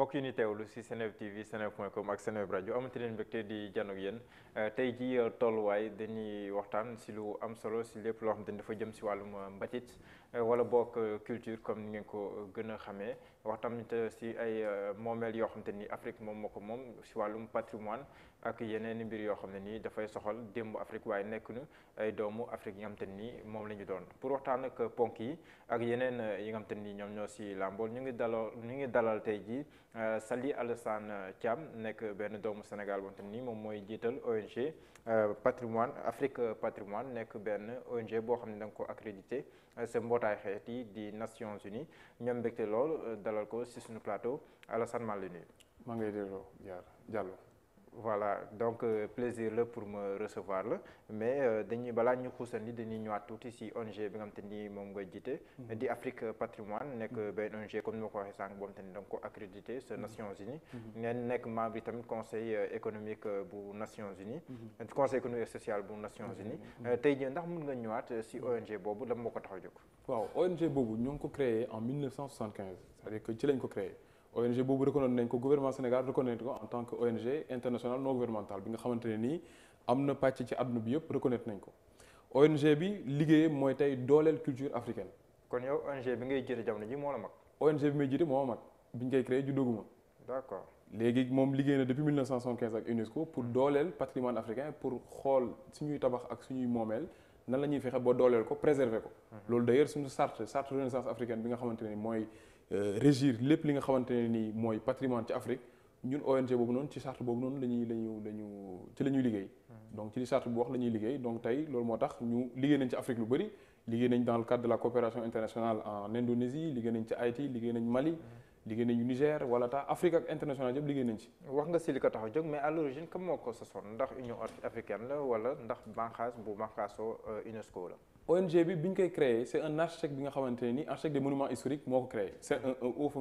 bokk yi ni teewlu si Seneweb TV seneweb point com ak Seneweb rajo amati leen mbégte di janoog yéen euh, tey ji euh, tolluwaay dañuy waxtaan si lu am solo si lépp loo xam dafa jëm si wàllum euh, mbatit Euh, wala bokk euh, culture comme ni ngeen ko euh, gën a xamee wax tamit si ay moomeel yoo xam te ni Afrique moom moo ko moom si wàllum patrimoine ak yeneen mbir yoo xam ne nii dafay soxal démb Afrique waaye nekk nu ay doomu Afrique yi nga moom la ñu doon pour waxtaan ak ponk yi ak yeneen yi nga xam ñoom ñoo si làmbool ñu ngi dalal ñu ngi dalal tey jii Sali Alassane Thiam nekk benn doomu Sénégal wante ni moom mooy jiital ONG patrimoine Afrique patrimoine nekk benn ONG boo xam ne da ko accrédité mbootaay xeet yi di Nations Unies ñoom mbégte lool euh, dalal ko ci suñu plateau Alassane maa ngi maa ngi lay delloo jaar Diallo. voilà donc euh, plaisir la pour me recevoir la mais euh, dañuy balaa ñu xuusandi dañuy ñëwaat tuuti si ONG bi nga xam te ni moom nga jiite. Mm-hmm. di Afrique Patrimoine nekk mm-hmm. benn ONG comme ni ma ko waxee sànq boobu tamit da nga ko accrédité sa mm-hmm. nekk membre yi tamit conseil euh, économique bu Nations Unies. conseil économique social bu Nations Unies. tey jii ndax mun nga ñëwaat si ONG boobu lan moo ko tax a jóg. waaw ONG boobu ñoo ngi ko créé en 1975 c'est-à-dire ci lañ ko créé. ONG boobu reconnaître nañ ko gouvernement Sénégal reconnaître ko en tant que ONG internationale non gouvernementale bi nga xamante ne nii am na pàcc ci àdduna bi yëpp reconnaître nañ ko ONG bi liggéey mooy tey dooleel culture africaine. kon yow ONG bi ngay jiite jamono ji moo la mag. ONG bi may jiite moo ma mag bi ñu koy créé juddooguma. d'accord léegi moom liggéey na depuis 1975 ak UNESCO pour dooleel patrimoine africain pour xool suñuy tabax ak suñuy nan la ñuy fexe ba dooleel ko préserver ko. Mhm. loolu d'ailleurs suñu charte charte bi nga xamante ne mooy. Euh, régir lépp li nga xamante ne nii mooy patrimoine ci Afrique ñun ONG boobu noonu ci charte boobu noonu la ñuy la ñu la ñu ci la ñuy liggéey. Hmm. donc ci li charte bu wax la ñuy liggéey donc tey loolu moo tax ñu liggéey nañ ci Afrique lu bëri liggéey nañ dans le cadre de la coopération internationale en Indonésie liggéey nañ ci Haïti liggéey nañ Mali. Hmm. liggéey nañu Niger wala tax Afrique ak international yëpp liggéey nañ ci. wax nga si li ko tax a jóg mais à l'origine kam moo ko sosoon ndax Union africaine la wala ndax bànqaas bu bànqaasoo euh, bi bi ñu koy bi nga xamante ne nii architecte des monuments historiques moo ko créé c' est un haut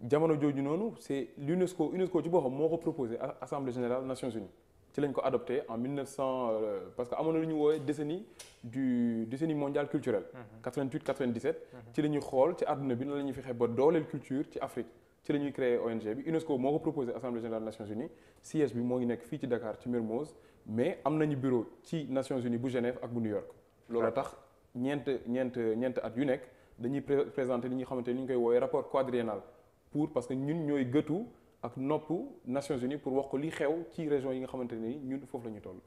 mhm. jooju noonu c' UNESCO UNESCO ci boppam moo ko proposé assemblée générale Nations Unies. ci lañ ko adopté en 1900 euh, parce que amoon na lu ñu woowee décennie du décennie mondiale culturelle. 88 mhm. 97. Mhm. ci la xool ci àdduna bi nan la ñuy fexe ba dooleel culture ci Afrique ci la ñuy créé ONG bi UNESCO moo ko proposé assemblée générale Nations Unies siège bi moo ngi nekk fii ci Dakar ci Mermoz mais am nañu bureau ci Nations Unies bu Genève ak bu New York. loolu tax ñeent ñeent ñeent at yu nekk dañuy présenter li ñu xamante ni ñu koy woowee rapport quadriennal pour parce que ñun ñooy gëtu. ak nopp Nations Unies pour wax ko li xew ci région yi nga xamante ni ñun foofu la ñu toll.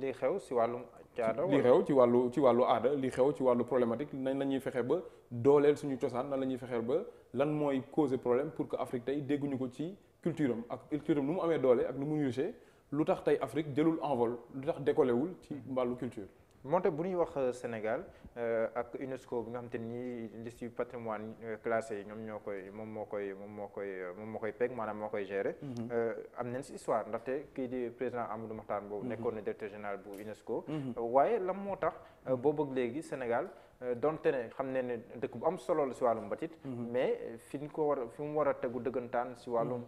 li xew si wàllu aada li xew ci wàllu ci wàllu aada li xew ci wàllu problématique nañ la ñuy fexe ba dooleel suñu cosaan na la ñuy fexeel ba lan mooy causer problème pour que Afrique tey dégguñu ko ci culture am ak culture am nu mu amee doole ak nu mu riche lu tax tey Afrique jëlul envol lu tax décollé wul ci mm-hmm. mbàllu culture. moo tax bu ñuy wax euh, Sénégal euh, ak UNESCO bi nga xam te ni liste yu patrimoine euh, classé yi ñoom ñoo koy moom moo koy moom moo koy moom moo koy peg maanaam moo koy gérer. Mhm. am nañ si histoire ndaxte kii di président Amadou Mahtar Mbow. Mhm. nekkoon na directeur général bu UNESCO. Mhm. waaye lan moo tax boo léegi Sénégal. donte ne xam ne ne dëkk bu am solo la si wàllum batit mais fi ñu ko war a fi mu war a tegu dëggantaan si wàllum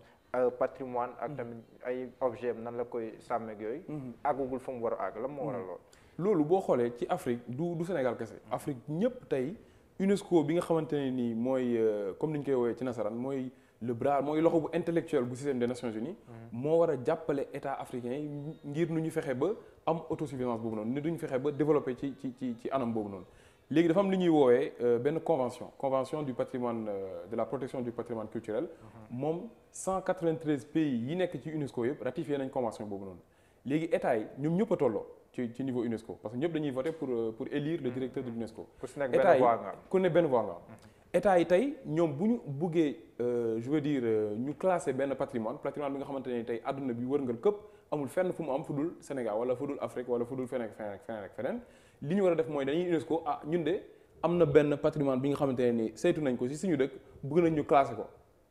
patrimoine ak tamit ay objet nan la koy sàmmeeg yooyu àggugul fa mu war a àgg la moo a lool loolu boo xoolee ci Afrique du du Sénégal kese Afrique ñëpp tey UNESCO bi nga xamante ne nii mooy euh, comme ni ñu koy woowee ci nasaraan mooy le bras mooy loxo bu intellectuel bu système des Nations Unies. Mhm. moo war a jàppale état africain yi ngir nu ñu fexe ba am autosuffisance boobu noonu ni duñu fexe ba développer ci ci ci ci anam boobu noonu. léegi dafa am li ñuy woowee euh, benn convention convention du patrimoine euh, de la protection du patrimoine culturel. Mhm. moom 193 pays yi nekk ci UNESCO yëpp ratifié nañ convention boobu noonu. léegi état yi ñoom ñëpp tolloo. ci ci niveau UNESCO parce que ñëpp dañuy voté pour euh, pour élire le mm-hmm. directeur de l'UNESCO. ku ku ne benn voix nga am. Mm-hmm. tey ñoom bu ñu buggee euh, je veux dire euh, ñu classé benn patrimoine patrimoine bi nga xamante ne tey àdduna bi wërngal këpp amul fenn fu mu am fu dul Sénégal wala fu dul Afrique wala fu dul feneen ak feneen ak feneen ak feneen li ñu war a def mooy dañuy UNESCO ah ñun de am na benn patrimoine bi nga xamante ne nii saytu nañ ko si suñu dëkk bëgg nañ ñu classé ko.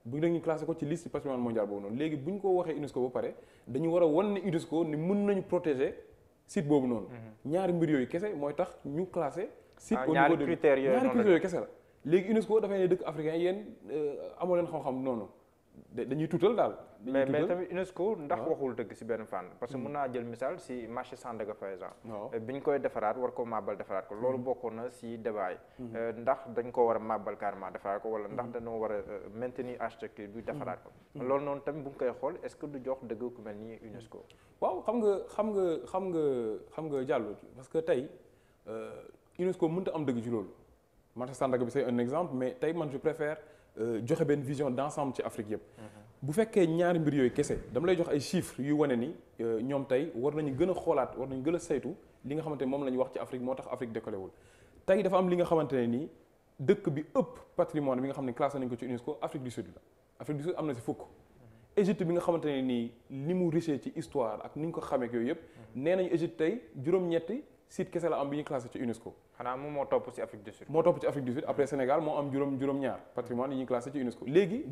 bëgg nañ ñu classé ko ci liste patrimoine mondial boobu waxee UNESCO ba pare dañu war a wan ne UNESCO ni mën nañu site boobu noonu. Mhm. ñaari mbir yooyu kese mooy tax ñu classé. site ah, au niveau de ñaari critères yooyu kese la. léegi UNESCO dafay ne dëkk africain yéen euh, amoo leen xam-xam noonu. dañuy tuutal daal. mais mais tamit UNESCO ndax ah. waxul dëgg si benn fànn. Hmm. parce que mën naa jël misaal si marché Sandaga par ah. exemple. bi ñu koy defaraat war ko maabal defaraat ko loolu hmm. bokkoon na si débat hmm. euh, ndax dañ ko war a màbbal carrément defaraat ko wala ndax dañoo war a euh, maintenir architecture bi defaraat ko. loolu noonu tamit bu ñu koy xool est-ce que du jox dëgg ku mel ni UNESCO. waaw xam nga xam nga xam nga xam nga jàllu parce que tey euh, UNESCO mënut a am dëgg ci loolu marché Sandaga bi c'est un exemple mais tey man je Euh, joxe benn vision d'ensemble ci Afrique yëpp. Mhm. bu fekkee ñaari mbir yooyu kese dama lay jox ay chiffres yu wane ni euh, ñoom tey war nañu gën a xoolaat war nañu gën a saytu li nga xamante ne moom la ñu wax ci Afrique moo tax Afrique décollé wul tey dafa am li nga xamante ne nii dëkk bi ëpp patrimoine bi nga xam ne classé nañu ko ci UNESCO Afrique du Sud la Afrique du Sud am na si fukk. Mhm. Égypte bi nga xamante ne nii li mu riche ci histoire ak ni ñu ko xamee ak yëpp. Mhm. nee nañu Égypte tey juróom-ñetti site kese la am bi ñu classé ci UNESCO. xanaa moom moo topp ci Afrique du Sud. moo topp ci Afrique du Sud après Sénégal moo am juróom juróom-ñaar patrimoine yi ñu classé ci UNESCO léegi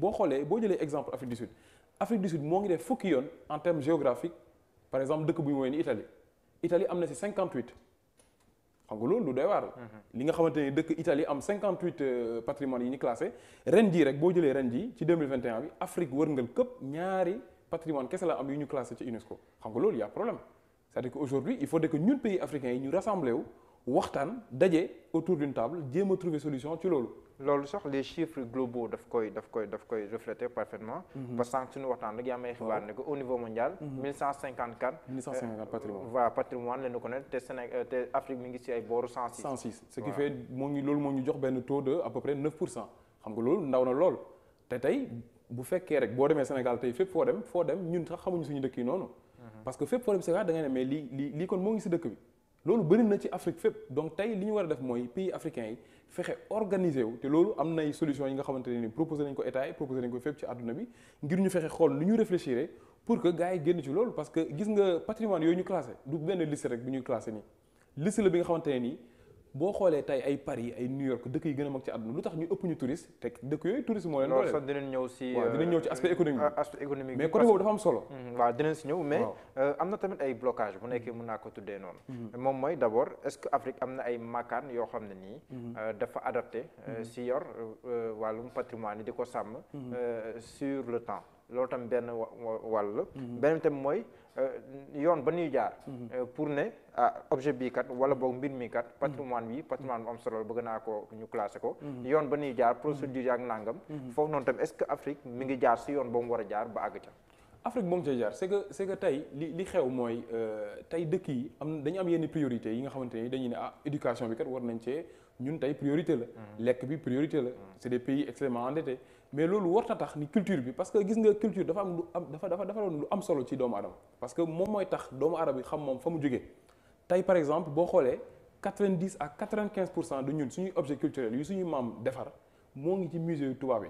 xam nga loolu lu mhm. li nga xamante ni dëkk Italie am 58 euh, patrimoine yi ñu ren jii rek boo jëlee ren jii ci 2021 bi Afrique wërngal këpp ñaari patrimoine kese la am yu ñu classé ci a problème c'est-à-dire que aujourd'hui il faut que ñun pays africains yi ñu rassemblé wu. waxtaan daje autour d'une table jéem a trouver solution ci loolu. loolu sax les chiffres globaux daf koy daf koy daf koy refléter parfaitement. Mhm. suñu waxtaan rek yaa may xibaar ne que au niveau mondial. Mhm. Euh, patrimoine. voilà patrimoine ko ne te Sénégal euh, te Afrique mi ngi ci ay booru 106. 106 ce qui fait moo ngi loolu moo ñu jox benn taux de à peu près 9 pour cent xam nga loolu ndaw na lool te tey bu fekkee rek boo demee Sénégal tey fépp foo dem foo dem ñun sax xamuñu suñu mhm. bi. loolu bëri na ci Afrique fépp donc tey li ñu war a def mooy pays africains yi fexe organiser wu te loolu am na solution yi nga xamante ne ni proposé nañ ko état yi proposé nañ ko fépp ci àdduna bi ngir ñu fexe xool nu ñu réfléchir pour que gars yi génn ci loolu parce que gis nga patrimoine yooyu ñu classé du benn liste rek bu ñuy classé nii liste la bi nga xamante ne nii boo xoolee tey ay Paris ay New York dëkk yi gën a mag ci àdduna lu tax ñu ëpp ñu touriste te dëkk yooyu tourisme moo leen doole sax dinañ ñëw si waaw dinañ ñëw ci euh, aspect économique euh, aspect économique mais côté boobu am solo mm, waaw dinañ si ñëw mais euh, am na tamit ay blocage bu nekkee mm-hmm. mën naa ko tuddee noonu mm-hmm. moom mooy d' abord est ce que Afrique am na ay makaan yoo xam ne nii mm-hmm. dafa adapté si yor wàllum patrimoine yi di ko sàmm sur le temps loolu tam benn wàll la beneen tam mooy Euh, yoon ba ñuy jaar. Mhm. Euh, pour ne ah objet bi kat wala boog mbir mi kat. patrimoine bi patrimoine bu am solo bëgg naa ko ñu classé ko. Mhm. yoon ba ñuy jaar mhm. procédure ak nangam. foofu noonu tam est-ce que Afrique mi ngi jaar si yoon ba mu war a jaar ba àgg ca. Afrique ba mu ca jaar c'est que c'est que tey li xew mooy euh, tey dëkk yi am dañu am yenn priorité yi nga xamante ne dañuy ne ah éducation bi kat war nañ cee ñun tey priorité la. lekk bi priorité la. c'est des pays extrêmement mais loolu warta tax ni culture bi parce que gis nga culture dafa am lu am dafa dafa dafa doon lu am solo ci doomu aadama parce que moom mooy tax doomu aadama yi xam moom fa mu jógee tey par exemple boo xoolee quatre-vingt-dix à quatre-vingt-quinze pour cent de ñun suñuy objet culturel yu suñuy maam defar moo ngi ci musée tubaab yi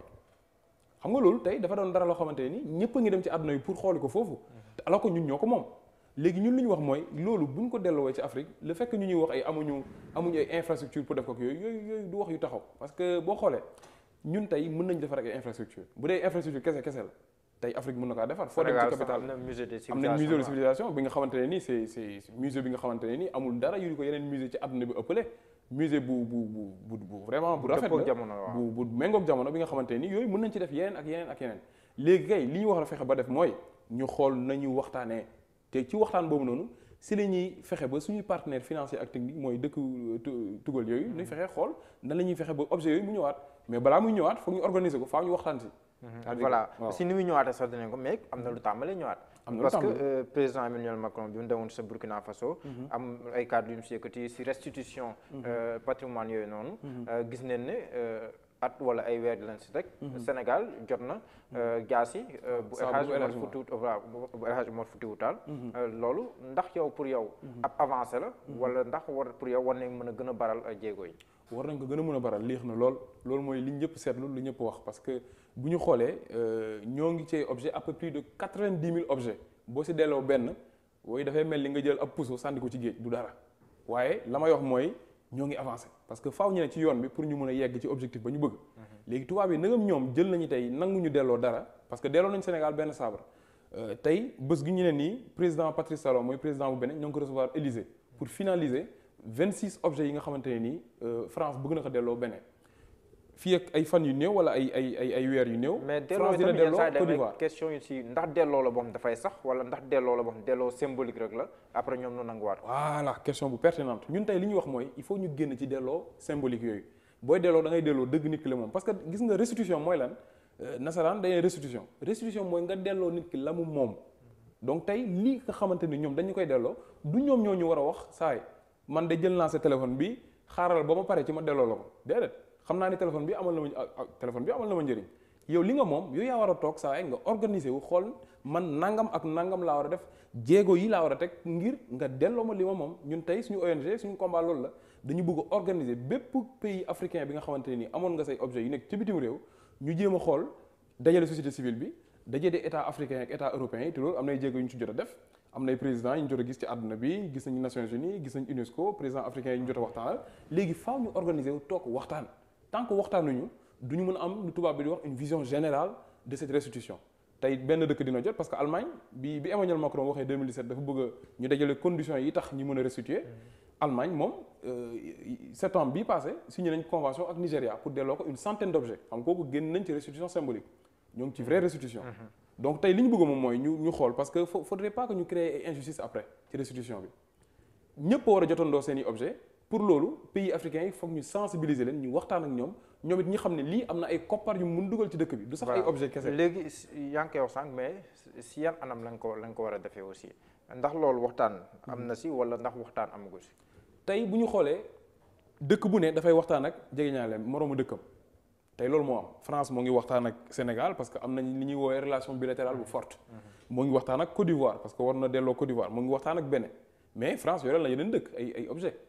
xam nga loolu tey dafa doon dara loo xamante ni ñëpp ngi dem ci àdduna yi pour xooli ko foofu te mhm. alors que ñun ñoo ko moom léegi ñun li ñu wax mooy loolu bu ñu ko delloowee ci Afrique le fait ñu ñuy wax ay amuñu amuñu ay yooyu yooyu yooyu du wax yu taxaw parce que boo xoolee ñun tey mën nañu defar ay infrastructure bu dee infrastructure kese kese la tey Afrique mën na kaa defar foo dem ci capital am na musée de civilisation bi nga xamante nii c'est c'est musée bi ne nii amul dara yu ko yeneen musée ci àdduna bi ëppale musée bu bu bu bu vraiment bu rafet la bu méngoog jamono bi nga xamante ne nii yooyu mën nañ ci def yeneen ak yeneen ak yeneen léegi kay li ñu wax a fexe ba def mooy ñu xool nañu waxtaanee te ci waxtaan boobu noonu si la ñuy fexe ba suñuy partenaire financier ak technique mooy dëkk euh, tugal yooyu dañuy mm-hmm. fexe xool na la ñuy fexe ba objet yooyu mu ñëwaat mais balaa muy ñëwaat foog ñu organiser ko faaw ñu waxtaan si mm-hmm. voilà si ni muy ñëwaatee sax dinañ ko mais am na lu mm-hmm. tàmbalee ñëwaat parce que euh, président Emmanuel Macron bi mu demoon sa Burkina Faso am ay yu mu si yëkkati si restitution euh, patrimoine yooyu noonu gis neen ne at wala ay weer di leen rek. Mhm. Sénégal jot na jaas mhm. euh, yi. Euh, bu El Hadj Omar Foutiyou Tall bu El Hadj Omar Foutiyou Tall. loolu ndax yow pour yow. Mhm. ab avancé la. wala ndax war pour yow war nañ mën a gën a baral a euh, jéego yi. war nañ ko gën a mën a baral liix na lool loolu mooy li ñëpp seetlu lu ñëpp wax parce que bu ñu xoolee ñoo ngi cee objet à peu près de quatre-vingt-dix mille objets boo si delloo benn wooyu dafay mel ni nga jël ab puso sànni ko ci géej du dara waaye la may wax mooy. ñoo ngi avancé parce que faw ñu ne ci yoon bi pour ñu mën a yegg ci objectif ba ñu bëgg mhm. léegi tubaab yi nangam ñoom jël nañu tey nanguñu delloo dara parce que delloo nañu Sénégal benn sabre euh, tey bës gi ñu ne nii président Patrice Talon mooy président bu beneen ñoo ngi ko recevoir Élysée pour finaliser vingt six objets yi nga xamante ne nii euh, France bëgg na ko delloo beneen fii ak ay fan yu néew wala ay ay weer yu néew. France dina delloo Côte d'Ivoire mais question yu si ndax delloo la boobu dafay sax wala ndax delloo la boobu delloo symbolique rek la après ñoom ñu nanguwaat. voilà question bu pertinente ñun tey li ñu wax mooy il faut ñu génn ci delloo symbolique yooyu booy delloo da ngay delloo dëgg nit ki la moom parce que nga euh, nasaraan dañuy restitution restitution mooy nga delloo nit ki la mu moom donc tey lii nga xamante ni ñoom dañu koy delloo du ñoom ñoo ñu war a wax saay man de jël naa sa téléphone bi xaaral ba ma pare ci ma delloo la ko déedéet xam naa ni téléphone bi amal na ma ah, ah, téléphone bi amal na ma njëriñ yow li nga moom yow yaa war a toog saa nga organiser wu xool man nangam ak nangam laa war a def jéego yi laa war a teg ngir nga delloo ma li ma moom ñun tey suñu ONG suñu combat loolu la dañu bëgg a organiser bépp pays africain bi nga xamante ne nii amoon nga say objet yu nekk ci bitim réew ñu jéem a xool dajale société civile bi dajale état africain ak état européen yi te loolu am nay jéego yu ñu ci jot a def am nay président yi ñu gis ci àdduna bi gis nañu Nations Unies gis nañu UNESCO président africain ñu jot a léegi faaw ñu wu toog waxtaan tant que waxtaanuñu du ñu mën am lu tubaab bi di wax une vision générale de cette restitution tey benn dëkk dina jot parce que Allemagne bi bi Emmanuel waxee 2017 dafa bëgg ñu dajale conditions yi tax ñu mën a restituer mm-hmm. Allemagne moom euh, septembre bii passé signé nañ convention ak Nigéria pour delloo ko une centaine d'objets xam kooku génn nañ ci restitution symbolique ñoo ci vraie restitution. Mm-hmm. donc tey li ñu bëgg moom mooy ñu ñu xool parce que faudrait pas que ñu créer injustice après ci restitution bi ñëpp war a seen i objets. pour loolu pays africains yi foog ñu sensibiliser leen ñu waxtaan ak ñoom ñoom it ñu xam ne lii am na ay koppar yu mun dugal ci dëkk bi. du sax ay objet kese. léegi yaa ngi koy mais si yan anam lañ ko lañ ko war a defee aussi ndax loolu waxtaan am na si wala ndax waxtaan amagu si. tey bu ñu xoolee dëkk bu ne dafay waxtaan ak jegeñaale moroomu dëkkam tey loolu moo am France moo ngi waxtaan ak Sénégal parce que am nañ li ñuy woowee relation bilatérale bu forte. Mhm. moo ngi waxtaan ak Côte d'Ivoire parce que war na delloo Côte d'Ivoire moo ngi waxtaan ak Bénin mais France yore la yeneen dëkk ay ay objet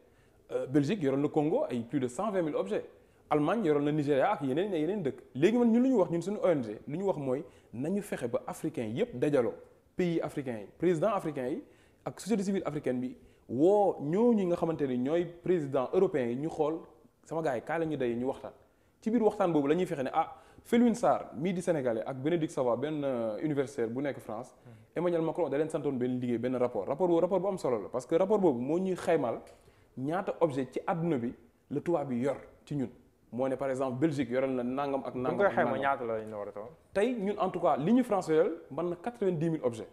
Euh, Belgique yoroon na Congo ay plus de cent vingt mille objets yoroon na Nigéria ak yeneen yeneen dëkk léegi man ñun lu ñu wax ñun suñu ONG lu ñu wax mooy nañu fexe ba africain yépp dajaloo pays africain yi président africain yi ak société civile africaine bi woo ñooñu nga xamante ni ñooy président européen yi ñu xool sama gars yi kaay la ñu day ñu waxtaan ci biir waxtaan boobu la ñuy fexe ne ah Felwine Sarr mii di sénégalais ak Bénédicte Savoy benn euh, universitaire bu nekk la parce que rapport boobu moo ñuy xaymal ñaata objet ci àdduna bi la tubaab yi yor ci ñun moo ne par exemple Belgique yoral na nangam ak nangam ak nangam ñaata la ñu war tey ñun en tout cas li ñu France yoral mën na quatre-vingt-dix mille objets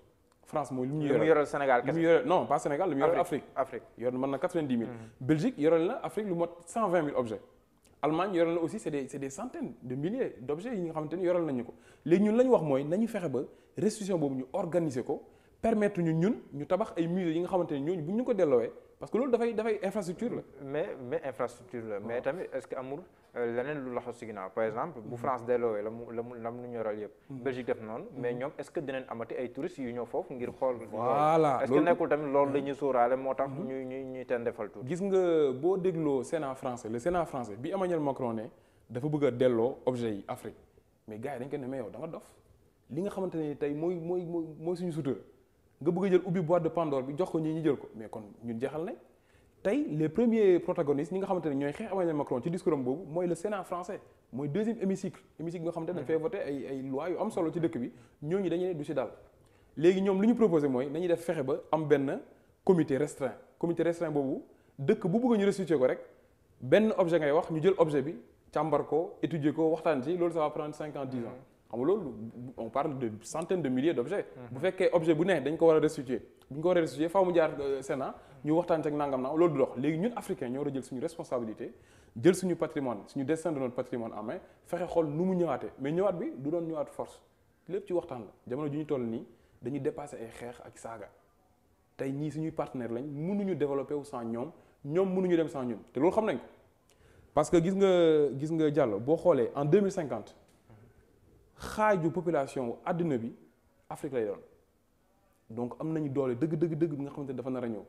France mooy li mu yoral li mu yoral Sénégal li mu yoral non pas Sénégal li mu yoral Afrique Afrique yor mën na quatre-vingt-dix mille mhm. Belgique yoral na Afrique lu mot cent vingt mille yoral na aussi c'est des c'est de milliers d'objets yi nga xamante ni yoral nañu ko léegi ñun la ñu wax mooy nañu fexe ba restitution boobu ñu organiser ko permettre ñu ñun ñu tabax ay musées yi nga xamante ni ñooñu bu ñu ko delloowee parce que loolu dafay dafay infrastructure la. mais mais infrastructure la. mais tamit est-ce que amul euh, leneen lu laxu si par exemple. bu mm-hmm. France delloowee la mu la mu la mu ñoral yëpp. Mm-hmm. Belgique def noonu. mais mm-hmm. ñoom est-ce que dinañ amati ay touristes yu ñëw foofu ngir xool. voilà est-ce que nekkul tamit loolu la ñuy moo tax. ñuy ñuy ñuy teen defal tuuti. gis nga boo dégloo Sénat français le Sénat français bi Emmanuel Macron ne dafa bëgg a delloo objet yi Afrique gars yi dañ ko li nga xamante ne tey mooy mooy mooy suñu sutura. nga bëgg jël ubbi boîte de Pandore bi jox ko ñi ñu jël ko mais kon ñun jeexal nañ tey les premiers protagonistes ñi nga xamante ne ñooy xeex Emmanuel Macron ci discours am boobu mooy le Sénat français mooy deuxième hémicycle hémicycle bi nga xamante ne dañ fay voté dëkk bi ñooñu dañu ne du si daal léegi ñoom lu ñu proposé mooy nañuy def fexe ba am benn comité restreint comité restreint boobu dëkk bu bëgg ñu restituer ko rek benn objet ngay wax ñu jël objet bi càmbar ko étudier ko waxtaan ci loolu ça va prendre cinq ans xam nga loolu on parle de centaines de milliers d' objets. bu fekkee objet bu ne dañ ko war a restituer bu ñu ko war a restituer faaw mu jaar euh, Sénat ñu waxtaan ak nangam na loolu du dox léegi ñun africain ñoo war a jël suñu responsabilité jël suñu patrimoine suñu destin de notre patrimoine en main fexe xool nu mu ñëwaatee mais ñëwaat bi du doon ñëwaat force lépp ci waxtaan la jamono ju ñu toll nii dañuy dépassé ay xeex ak saaga tey ñii suñuy partenaire lañ mënuñu développé wu sans ñoom ñoom mënuñu dem sans ñun te loolu xam nañ ko parce que gis nga gis nga Diallo boo xoolee en 2050. xaaju population wu àddina bi Afrique lay doon donc am nañu doole dëgg dëgg dëgg bi nga xamante ne dafa nar a ñëw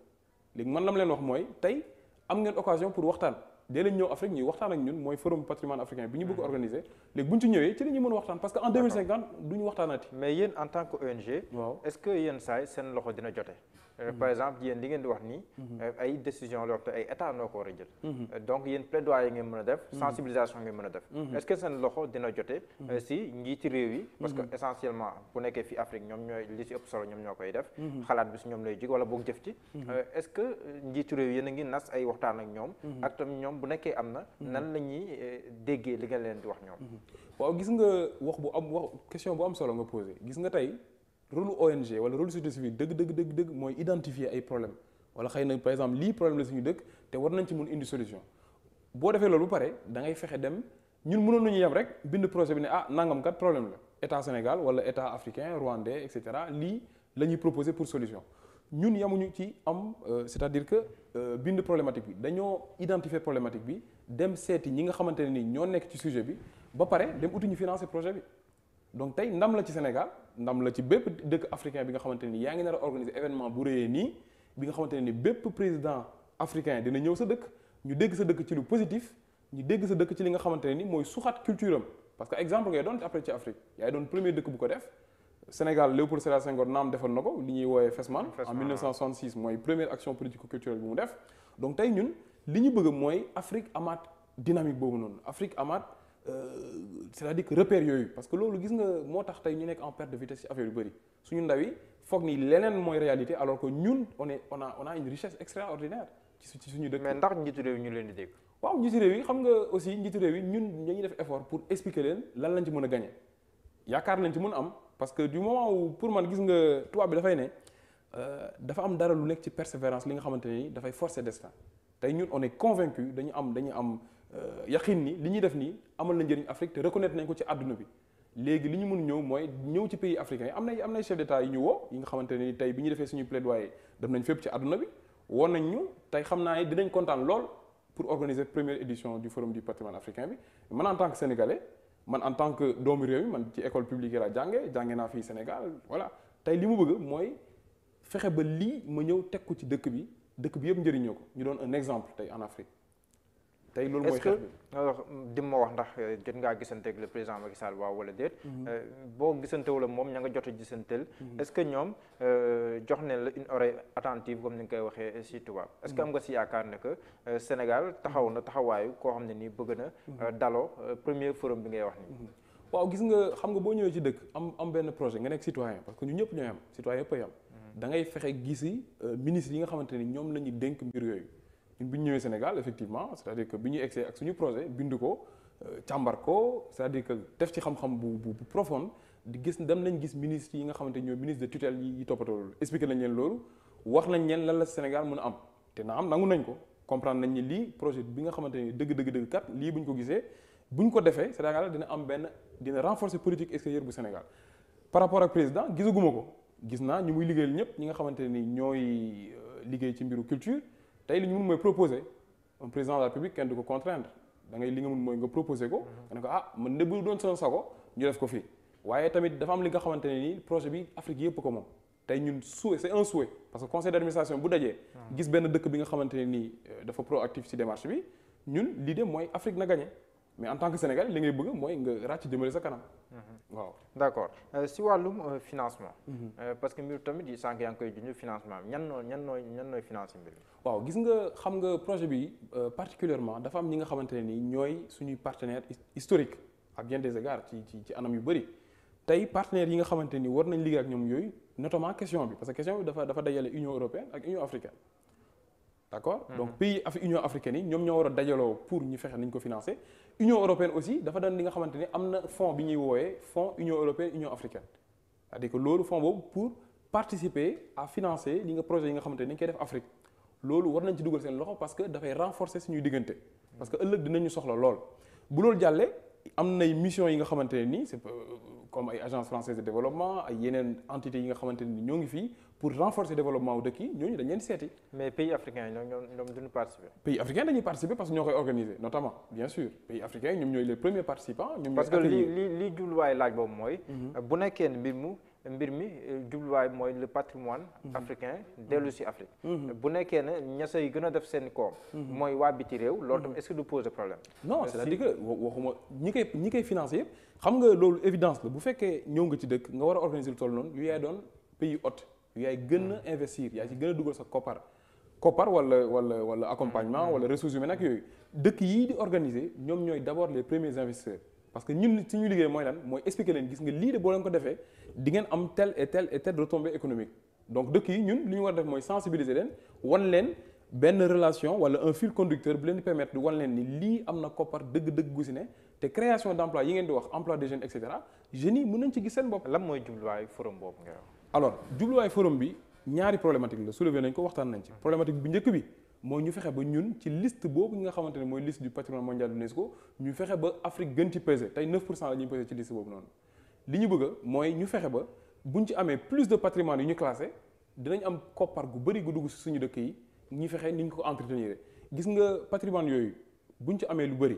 léegi mën man lam leen wax mooy tey am ngeen occasion pour waxtaan. dee leen ñëw Afrique ñuy waxtaan ak ñun mooy forum patrimoine africain bi ñu bëgg hmm. organiser léegi bu ñu ci ñëwee ci la ñuy mën waxtaan parce que en 2050 du ñu waxtaanati mais yéen en tant que ONG waaw est-ce que yéen saay seen loxo dina jote euh, hmm. par exemple yéen li ngeen di wax nii hmm. euh, ay décision la te ay état noo ko war a jël euh, donc yéen plaidoyer ngeen mën a def sensibilisation ngeen mën a def est-ce que seen loxo dina jote si njiiti réew yi parce que essentiellement bu nekkee fii Afrique ñoom ñooy li si ëpp solo ñoom ñoo koy def xalaat bi si ñoom lay jig wala boog jëf ci est-ce que njiiti réew yéen a ngi nas ay waxtaan ak ñoom ak tam ñoom bu nekkee am na. Mhm. nan la ñuy euh, déggee li nga leen di wax ñoom. Mhm. waaw gis nga wax bu am wax question bu am solo nga posé gis nga tey rôle ONG wala rôle société civile dëgg dëgg dëgg dëgg mooy identifier ay problème wala xëy na par exemple lii problème la suñu dëkk te war nañ ci mun indi solution boo defee loolu bu pare da ngay fexe dem ñun mënoon nañu yem rek bind projet bi ne ah nangam kat problème la état Sénégal wala état africain rwandais et cetera lii la ñuy proposer pour solution. ñun yamuñu ci am euh, c'est-à-dire que euh, bind problématique bi dañoo identifier problématique bi dem seeti ñi nga xamante ne ni ñoo nekk ci sujet bi ba pare dem uti ñu financer projet bi donc tey ndam la ci Sénégal ndam la ci bépp dëkk africain bi nga xamante ni yaa ngi nar a organiser événement bu réyee nii bi nga xamante ni bépp président africain dina ñëw sa dëkk ñu dégg sa dëkk ci lu positif ñu dégg sa dëkk ci li nga xamante ne ni mooy suxat culture am parce que exemple ngay doon après ci Afrique yaay doon premier ko def Sénégal Léopold Sédar Senghor naam defal na ko li ñuy wooyee FESMAN en 1966 mooy première action politico-culturelle bi mu def donc tey ñun li ñu bëgg mooy Afrique amaat dynamique boobu noonu Afrique amaat euh, c'est-à-dire que repère yooyu parce que loolu gis nga moo tax tey ñu nekk en perte de vitesse ci affaire yu bëri suñu ndaw yi foog ni leneen mooy réalité alors que ñun on est on a on a une richesse extraordinaire ci suñu dëkk. ndax njiitu réew ñu leen di dégg. waaw njiitu réew yi xam nga aussi njiitu réew yi ñun dañuy pour expliquer leen lan lañ ci mën a gagner yaakaar lañ ci mën a am. parce que du moment où pour man gis nga tubaab bi dafay ne euh, dafa am dara lu nekk ci persévérance li nga xamante ni dafay force forcer destin tey ñun on est convaincu dañu am dañu am euh, yaqin ni li ñuy def nii amal na njëriñ Afrique te reconnaître nañ ko ci àdduna bi léegi li ñu mën ñëw mooy ñëw ci pays africain yi am nay am na chef d'état yi ñu woo yi nga xamante ni tey bi ñu defee suñu plaidoyer dem nañ fépp ci àdduna bi woon nañ ñu tey xam naa ne dinañ kontaan lool pour organiser première édition du africain bi man en tant man en tant que doomu réew mi man ci école publique yi laa jànge jànge naa fii Sénégal voilà tey li mu bëgg mooy fexe ba lii ma ñëw teg ko ci dëkk bi dëkk bi yëpp njëriñoo ko ñu doon un exemple tey en Afrique tey loolu mooy xeex dim ma wax ndax eh, jot ngaa gisante ak le président Macky Sall waaw wala déet mhm. euh, boo gisante wala moom ña nga jot a gisanteel mhm. est-ce que ñoom euh, jox ne la une oreille attentive comme ni nga koy waxee si tubaab est-ce que mhm. am nga si yaakaar ne euh, Sénégal taxaw na taxawaayu koo xam ne nii bëgg na daloo premier forum bi ngay wax nii waaw gis nga xam nga boo ñëwee ci dëkk am am benn projet nga nekk citoyen parce que ñu ñëpp ñooy am citoyen yëpp ay am da ngay fexe gisi ministre yi nga xamante ni ñoom la ñu dénk mbir yooyu ñun bi ñu ñëwee Sénégal effectivement c'est-à-dire que bi ñu egsee ak suñu projet bind ko euh, càmbar ko c'est-à-dire que def ci xam-xam bu bu profonde di gis dem nañ gis ministre yi nga xamante ñoo ministre de tutelle yi toppatoo loolu expliqué nañ leen loolu wax nañ leen lan la Sénégal mën a am te na am nangu nañ ko comprendre nañ ni lii projet bi nga xamante ne dëgg dëgg dëgg kat lii bu ñu ko gisee bu ñu ko defee Sénégal dina am benn dina renforcer politique extérieure bu Sénégal par rapport ak gisaguma ko gis naa ñu muy liggéeyal ñëpp ñi nga xamante ni ñooy euh, liggéey ci mbiru culture tey li ñu mun mooy proposer un président de la République kenn du ko contraindre da ngay li nga mun mooy nga proposé ko. Mhm. nga ne ko ah man de bu doon sama sago ñu def ko fii waaye tamit dafa am li nga xamante ne nii projet bi Afrique yëpp ko moom. tey ñun souhait c'est un souhait parce que conseil d'administration bu dajee. Mhm. gis benn dëkk bi nga xamante ne nii euh, dafa proactif ci démarche bi ñun l'idée mooy Afrique na gagné. mais en tant que Sénégalais li ngay bëgg mooy nga ràcc jëmale sa kanam. Mhm. waaw d' euh, si wàllum euh, financement. Mhm. Euh, parce que mbir tamit yi sànq yaa ngi koy junj financement ñan noo ñan nooy ñan nooy financé mbir waaw gis nga xam nga projet bi particulièrement dafa am ñi nga xamante ne ni ñooy suñuy partenaire historique à bien des égards ci ci anam yu bëri tey partenaires yi nga xamante ni war nañ liggéey ak ñoom yooyu notamment question bi parce que question bi dafa dajale Union européenne ak Union africaine. d' accord mhm. donc pays Union ñoom ñoo war a dajaloo pour ñu fexe nañ ko financer. union européenne aussi dafa daan li nga xamante ni am na fonds bi ñuy woowee fonds union européenne union africaine cest à que loolu fonds boobu pour participer a financer li nga projet yi nga xamante ni dañ koy def Afrique loolu war nañ ci dugal seen loxo parce que dafay renforcer suñuy diggante parce que ëllëg dinañu soxla lool bu loolu jàllee am nay mission yi nga xamante ne nii comme ay agence française de développement ay yeneen entités yi nga xamante ni ñoo ngi fii pour renforcer développement wu dëkk yi ñooñu dañ leen seeti. mais pays africains ñoom ñoom duñu participer. pays africains dañuy participer parce que ñoo koy organiser notamment bien sûr pays africains ñoom ñooy les premiers participants. ñoom ñooy li jubluwaay laaj boobu mooy. Mhm. bu nekkee mbir mbir mi euh, jubluwaay mooy le patrimoine mhm. africain dellu si Afrique. Mhm. bu nekkee ne a def seen xam nga loolu évidence la bu fekkee ñëw nga ci dëkk nga war a organiser lu toll noonu yu yaay doon pays hôte yu yaay gën a hmm. investir yaa ci gën a dugal sa koppar koppar wala wala wala accompagnement hmm. wala ressources humaines ak yooyu dëkk yii di organiser ñoom ñooy d'abord les premier investisseurs parce que ñun si ñu liggéey mooy lan mooy expliquer leen gis nga lii de boo leen ko defee di ngeen am tel et tel et tel retombée économique donc dëkk yi ñun li ñu war a def mooy sensibiliser leen wan leen benn relation wala fil conducteur bu leen di permettre leen ni lii am na koppar dëgg-dëgg si ne te création d' emploi yi ngeen di wax emploi des jeunes et cetera jeunes yi mën nañ ci gis seen bopp. lan mooy jubluwaay forum boobu nga alors jubluwaay forum bi ñaari problématique la soulevé nañ ko waxtaan nañ ci hmm. problématique bu njëkk bi mooy ñu fexe ba ñun ci list boobu nga xamante ne mooy liste du patrimoine mondial de l'UNESCO ñu fexe ba Afrique gën ci pesé tey 9 pour cent la ñuy pesé ci liste boobu noonu li ñu bëgg a mooy ñu fexe ba buñ ci amee plus de patrimoine yu ñu classé dinañ am koppar gu bëri gu dugg si suñu dëkk yi ñu fexe ni ñu ko entretenir gis nga patrimoine yooyu buñ ci amee lu bëri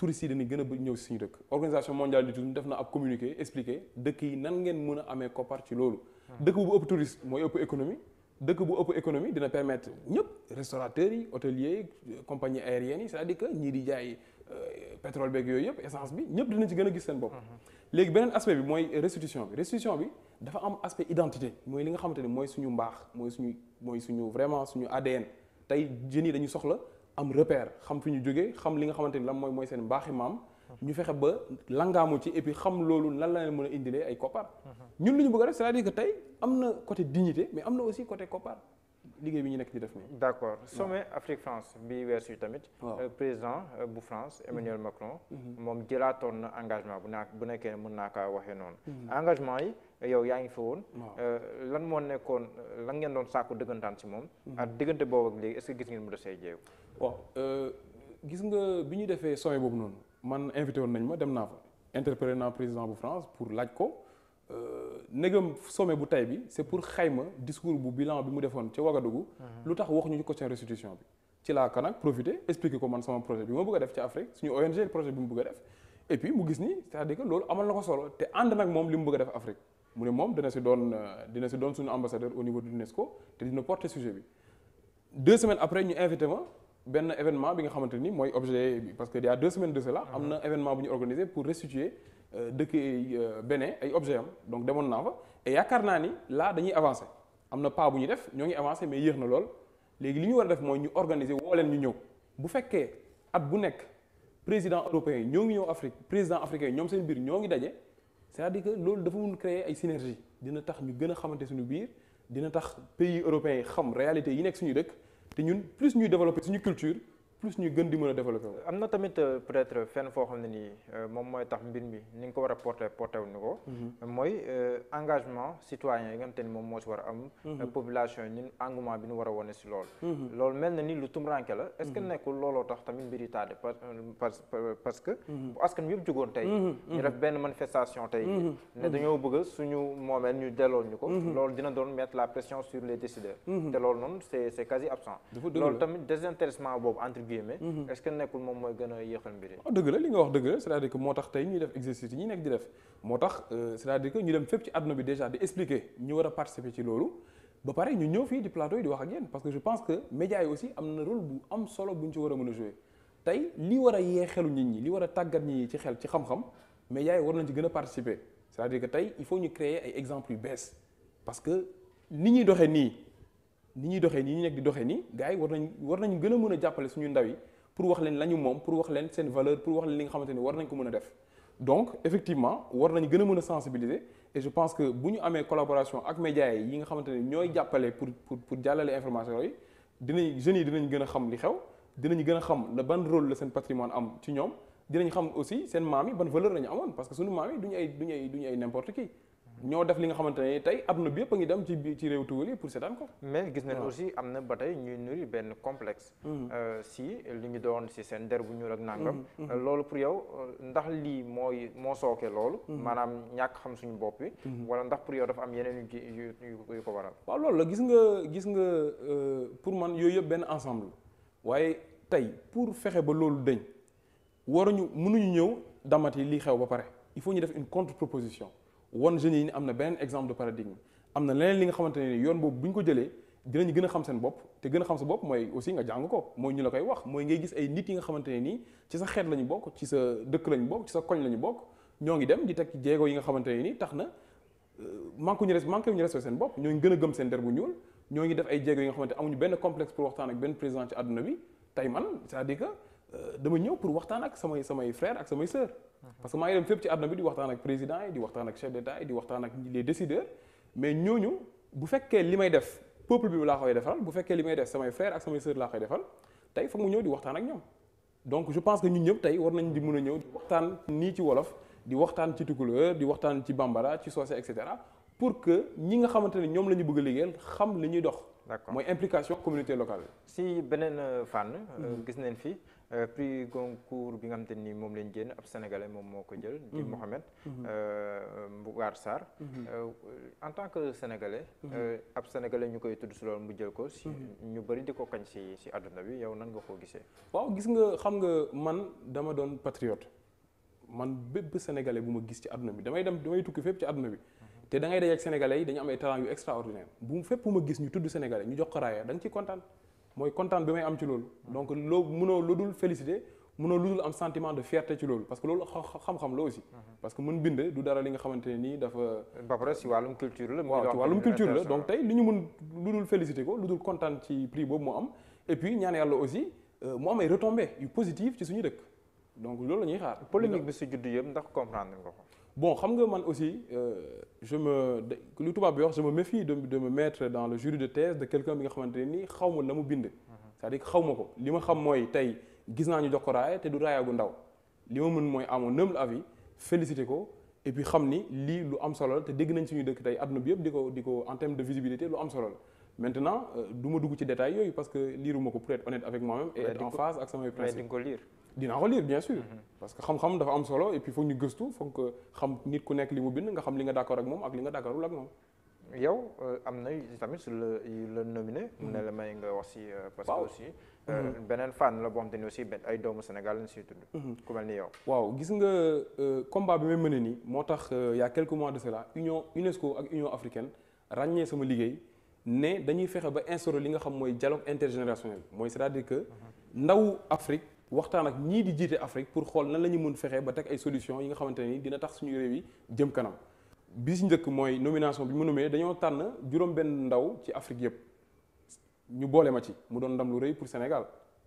touristes yi dañuy gën a ñëw si suñu dëkk organisation mondiale du tourisme def na ab communiqué expliqué dëkk yi nan ngeen mën a amee koppar ci loolu. Hmm. dëkk bu ëpp touriste mooy ëpp économie. dëkk bu ëpp dina permettre ñëpp restaurateurs yi hôteliers yi compagnie aériennes yi c'est-à-dire que ñii di jaay euh, pétrole beeg yooyu yëpp essence bi ñëpp dinañ ci gën a gis seen bopp. Hmm. léegi beneen aspect bi mooy restitution bi restitution bi dafa am aspect identité mooy li nga xamante ne mooy suñu mbaax mooy suñu mooy suñu suñu ADN tey jeunes yi dañu soxla. am repère xam fi ñu jógee xam li nga xamante ni lan mooy mooy seen mbaaxi maam ñu fexe ba langaamu ci et xam loolu lan la leen mën a indilee ay koppar mhm. ñun li ñu bëgg a def c'est-à-dire tey am na côté dignité mais am na aussi côté koppar liggéey bi ñu nekk di def nii. d'accord sommet Afrique France bi weesu tamit. Euh, président euh, bu France mhm. Emmanuel Macron. Mhm. moom jëlaatoon na engagement bu naa bu nekkee mën naa kaa waxee noonu. engagement yi yow yaa ngi fa woon. Euh, lan moo nekkoon lan ngeen doon sàkku dëggantaan ci moom. ak diggante boobu ak léegi gis ngeen mu desee jéego. waaw euh, gis nga bi ñu defee sommet boobu noonu man invité woon nañ ma dem naa fa interpellé naa bu France pour laaj ko euh, négam sommet bu tey bi c'est pour xayma discours bu bilan bi mu defoon ci ca Ouagadougou mhm. lu tax wax ñu ko seen restitution bi ci laa kan ak profité ko man sama projet bi ma bëgg a def ci Afrique suñu ONG projet bi mu bëgg a def et puis mu gis ni cest loolu amal na ko solo te ànd nag moom li mu bëgg a def Afrique mu ne moom dina si doon euh, dina si doon suñu ambassadeur au niveau de l'UNESCO te dina porter sujet bi deux semaines après ñu invité ma benn événement bi nga xamante ni mooy objet bi parce que il y a deux semaines de cela am na uh-huh. événement bu ñu organisé pour restituer euh, dëkk euh, Bénin ay objet am donc demoon naa fa et yaakaar naa ni laa dañuy avancé am na pas bu ñu def ñoo ngi avancé mais yéex na lool léegi li ñu war a def mooy ñu organiser woo leen ñu ñëw bu fekkee at bu nekk président européen yi ñoo ngi ñëw Afrique président africain ñoom seen biir ñoo ngi daje c'est-à-dire que loolu dafa mun créer ay synergie dina tax ñu gën a xamante suñu biir dina tax pays européens yi xam réalité yi nekk suñu dëkk te ñun plus ñuy développer suñu culture plus ñu gën di mën a développé wu. am na tamit euh, peut-être fenn foo xam ne nii euh, moom mooy tax mbir mi ni nga ko war a porté porté wu ñu ko. Mhm. mooy euh, engagement citoyen yi nga xam te ni moom moo si war a am. Mhm. population yi ñun bi ñu war a wane si lool. Mhm. loolu mel na ni lu tumranke la. est-ce nekkul looloo tax tamit mbir yi tardé parce que. bu askan wi yëpp jugoon tey. ñu def benn manifestation tey. ne dañoo bëgg suñu moomeel ñu delloo ñu ko. loolu dina doon mettre guillemets. Mm-hmm. est-ce que nekkul moom mooy gën a yéexal mbir oh, dëgg la li nga wax dëgg la c'est-à-dire que moo tax tey ñuy def exercice yi ñuy nekk di def moo tax euh, c'est-à-dire que ñu dem fépp ci àdduna bi déjà di expliquer ñu war a participer c'est-à-dire que tey il faut ñu créer ay exemples yu bees parce que ni ñuy doxee nii ni ñuy doxee nii ñu nekk di doxee ni gars yi war nañ war nañu gën a mën a jàppale suñu ndaw pour wax leen la ñu moom pour wax leen seen valeur pour wax leen li nga xamante ni war nañ ko mën a def donc effectivement war nañ gën a mën a sensibiliser et je pense que bu ñu amee collaboration ak médias yi nga xamante ne ñooy jàppale pour pour pour jàllale information yi dinañ jeunes yi dinañ gën a xam li xew dinañ gën a xam la ban rôle la seen patrimoine am ci ñoom dinañ xam aussi seen maam yi ban valeur la ñu parce que suñu maam yi duñu ay duñu ñoo def li nga xamante ne tey adduna bi yëpp a ngi dem ci ci réew tugal yi pour seetaan ko. mais gis ne aussi am na ba tey ñuy nuri benn complexe. Mm-hmm. Euh, si li ñu doon si seen der bu ñuul ak nangam. Mm-hmm, mm-hmm. Euh, loolu pour yow euh, ndax lii mooy moo sooke loolu. maanaam ñàkk xam suñu bopp bi. wala ndax pour yow dafa am yeneen yu yu ko waral. waaw loolu la gis nga gis nga pour man yooyu yëpp benn ensemble waaye tey pour fexe ba loolu dëñ waruñu mënuñu ñëw damat yi lii xew ba pare il faut ñu def une contre proposition. wan jeunes yi ni am na benn exemple de paradigme am na leneen li nga xamante ne yoon boobu bu ñu ko jëlee dinañu gën a xam seen bopp te gën a xam sa bopp mooy aussi nga jàng ko mooy ñu la koy wax mooy ngay gis ay nit yi nga xamante ne nii ci sa xeet lañu bokk ci sa dëkk lañu bokk ci sa koñ lañu bokk ñoo ngi dem di teg jéego yi nga xamante ne tax na euh, manque ñu res manque ñu respecté seen bopp ñoo ngi gën a gëm seen der bu ñuul ñoo ngi def ay jéego yi nga xamante amuñu benn complexe pour waxtaan ak benn président ci àdduna bi tey man c'est-à-dire que euh, dama ñëw pour waxtaan ak samay samay frère ak samay sœur parce que maa ngi dem fépp ci àdduna bi di waxtaan ak président yi di waxtaan ak chef d'état yi di waxtaan ak les décideurs mais ñooñu bu fekkee li may def peuple bi laa koy defal bu fekkee li may def samay frères ak samay sœurs laa koy defal tey foog mu ñëw di waxtaan ak ñoom donc je pense que ñun ñëpp tey war nañ di mën a ñëw di waxtaan nii ci wolof di waxtaan ci tukulóor di waxtaan ci bambara ci soose et cetera pour que ñi nga xamante ne ñoom la ñu bëgg a liggéeyal xam li ñuy dox. mooy implication communauté locale. si beneen fànn. Mm-hmm. gis nañ fi. Euh, prix concours bi nga xamante ni moom lañ génn ab sénégalais moom moo ko jël. Mm-hmm. di Mohamed. Mbougar mm-hmm. euh, Sarr. Mm-hmm. Euh, en tant que sénégalais. ab sénégalais ñu koy tudd si loolu mu jël ko. si ñu bëri di ko kañ si si àdduna bi yow nan nga koo gisee. waaw gis nga xam nga man dama doon patriote man bépp sénégalais bu ma gis ci àdduna bi damay dem damay tukki fépp ci àdduna bi. te da ngay dajeeg sénégalais yi dañu am ay talent yu extraordinaire bu fépp bu ma gis ñu tudd sénégalais ñu jox ko raaya da ciy kontaan. mooy kontaan bi may am ci loolu. donc loo mënoo lu dul félicité mënoo lu dul am sentiment de fierté ci loolu parce que loolu xam-xam la aussi. Mm-hmm. parce que mën bind du dara li nga xamante ne nii dafa. ba pare la. waaw ci wàllum culture la donc tey li ñu mun lu dul félicité ko lu dul kontaan ci prix boobu mu am et puis ñaan yàlla aussi euh, mu am ay retombées yu positives ci suñu dëkk. donc loolu la ñuy xaar. polémique bi si judd yëpp ndax comprendre nga xam nga man aussi euh, je me lu tubaab bi wax je me méfie de de me mettre dans le jury de thèse de quelqu'un bi nga xamante ne nii xaw ma la mu bind. Mhm. c'est-à-dire xaw ma ko li ma xam mooy tey gis naa ñu jox ko raaya te du raaya gu ndaw li ma mën mooy à mon humble avis féliciter ko et xam ni lii lu am solo te dégg nañ suñu dëkk tey adduna bi yëpp di ko di ko en termes de visibilité lu am solo la. maintenant euh, du ma ci détails yooyu parce que liiruma ko pour être honnête ko lire. dinaa ko lire bien sûr. Mhm. parce que xam-xam dafa am solo et puis foog ñu gëstu foog nga xam nit ku nekk li mu bind nga xam li nga d'accord ak moom ak li nga d'accordul ak moom. yow euh, am na tamit sur le le nominé. mu ne mhm. la may nga wax si euh, parce que aussi. Euh, mhm. beneen fànn la boo xam te ne aussi benn ay doomu Sénégal lañ siy tudd. ku mel ni yow. waaw gis nga combat bi may mën a nii moo tax y a quelques mois de cela union UNESCO ak union africaine ràññee sama liggéey ne dañuy fexe ba instaurer li nga xam mooy dialogue intergénérationnel mooy c'est-à-dire que ndaw Afrique. waxtaan ak ñii di jiite Afrique pour xool na la ñu mun fexee ba teg ay solution yi nga xamante ni dina tax suñu réew yi jëm kanam bi si njëkk mooy nomination bi mu nommé dañoo tànn juróom-benn ndaw ci Afrique yëpp ñu boole ma ci mu doon ndam lu rëy pour Sénégal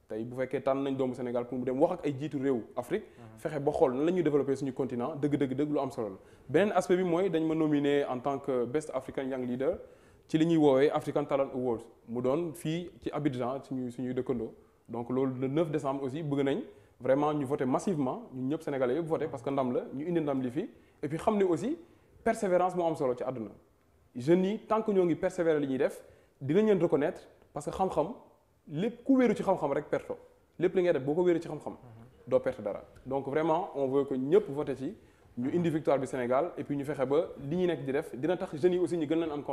tey bu fekkee tànn nañ doomu Sénégal pour mu dem wax ak ay jiitu réew Afrique mhm. fexe ba xool nan la ñuy développé suñu continent dëgg dëgg dëgg lu am solo la beneen aspect bi mooy dañ ma nominé en tant que best African young leader ci li ñuy woowee African Talent mu doon fii ci Abidjan suñu suñuy dëkkandoo donc loolu le 9 décembre aussi bëgg nañ vraiment ñu voté massivement ñun ñëpp sénégalais yëpp voté parce que ndam la ñu indi ndam li fii et puis xam ne aussi persévérance moo am solo ci àdduna jeunes yi tant que ñoo ngi persévérer li ñuy def dinañ leen reconnaître parce que xam-xam lépp ku wéeru ci xam-xam rek perto lépp li ngay def boo ko wéeru ci xam-xam mhm. doo perte dara donc vraiment on veut que ñëpp voté ci ñu indi victoire bi Sénégal et ñu fexe ba li ñuy nekk di def dina tax jeunes yi ñu gën leen am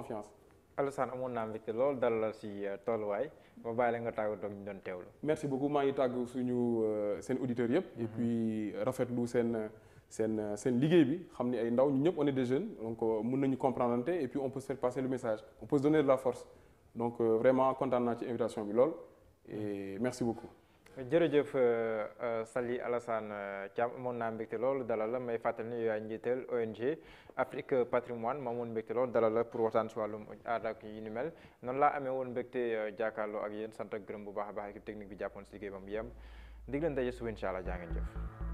Alassane amoon naa mbégte loolu dalal si euh, tolluwaay ma bàyyi la nga tàggatoo ak ñu doon teewlu. merci beaucoup maa ngi tàgg suñu euh, seen auditeurs yëpp. Mm-hmm. et puis euh, rafetlu seen seen seen liggéey bi xam ni ay ndaw ñu ñëpp on est des jeunes donc mun nañu comprendre et puis on peut se faire passer le message on peut se de la force donc vraiment kontaan naa ci invitation bi lool et merci beaucoup. jërëjëf euh, euh, Sali Alassane euh, Thiam amoon naa mbégte lool dalal la may fàttali ne yaay njiital ONG Afrique Patrimoine moom amoon mbégte lool dalal la pour waxtaan si wàllum aada yi yu ni mel noonu laa amee woon mbégte jàkkaarloo ak yéen sant ak gërëm bu baax a baax équipe technique bi jàppoon si liggéey ba mu yem dig leen daje suba incha allah jaa jëf.